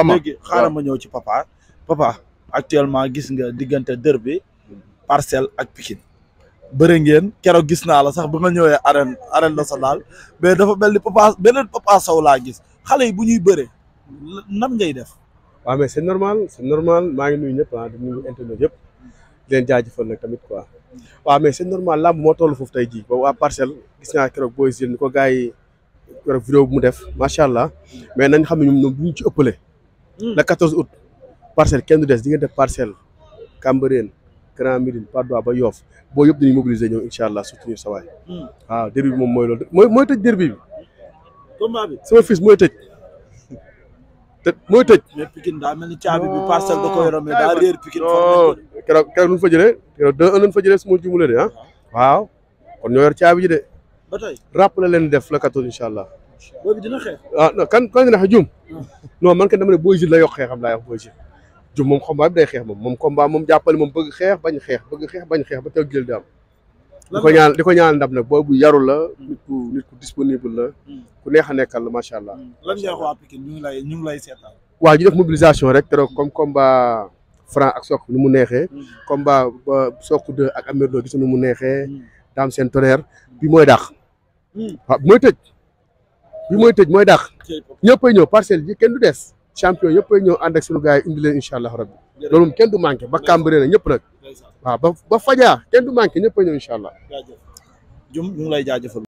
léegi xaaral ma ñëw ci papa papa actuellement gis nga diggante dër bi parcelle ak Pikine bëri ngeen keroog gis naa la sax ba nga ñëwee arène arène nationale mais dafa mel ni papa beneen papa Sow laa gis xale yi bu ñuy bëree nan ngay def waaw mais c'est normal c'est normal maa ngi nuyu ñëpp ah di nuyu internet yëpp di leen jaajëfal nag tamit quoi waaw mais c'est normal làmb moo toll foofu tey jii ba waa parcelle gis naa keroog booy jël ni ko gars yi keroog vidéo mu def macha allah mais nañ xam ne ñoom ñoom bu ci ëppale Hmm. le 14 out parcelle kenn du des diggante parcelle Cambérène Grand Médine Patte d'Oie ba Yoff boo yëpp dañuy mobiliser ñëw incha allah soutenir sa waay. Hmm. waaw bi moom mooy lool mooy mooy tëj bi. combat bi sama fils mooy tëj. te daa mel ni caabi bi parcelle da ko yoroon mais daa réer Pikine. non keroog keroog nu mu fa jëlee keroog deux un nu de ah. waaw kon ñoo yor caabi ji de. ba tey rappelé leen def la 14 incha allah. Ah, kan kan dina xeex non man ko dama ne Boy la yokk xeexam laa wax Boy Jules jub moom combat bi day xeex moom moom combat moom jàppale moom bëgg xeex bañ xeex bëgg xeex bañ xeex ba taw jël di am di ko ñaan di ko ñaan ndam nag boobu yarul la nit ku disponible la hmm. ku neex a nekkal la macha allah hmm. lan nga wax waa Pikine ñu lay ñu ngi lay seetaan waaw ñu def mobilisation rek te comme combat franc ak soq ni mu neexee hmm. combat soq deux ak amérdoo gis ni mu neexee daam seen tonnerre bi mooy dàq waaw mooy bi mooy tëj mooy dàq ñëppay ñëw parcelle ji kenn du des champion ñëppay ñëw ànd ak suñu gars indi leen incha allah rabbi loolu moom kenn du manqué ba cambré na ñëpp nag waaw ba ba fajaa kenn du manqué ñëppay ñëw allah jum ñu ngi jaajëfal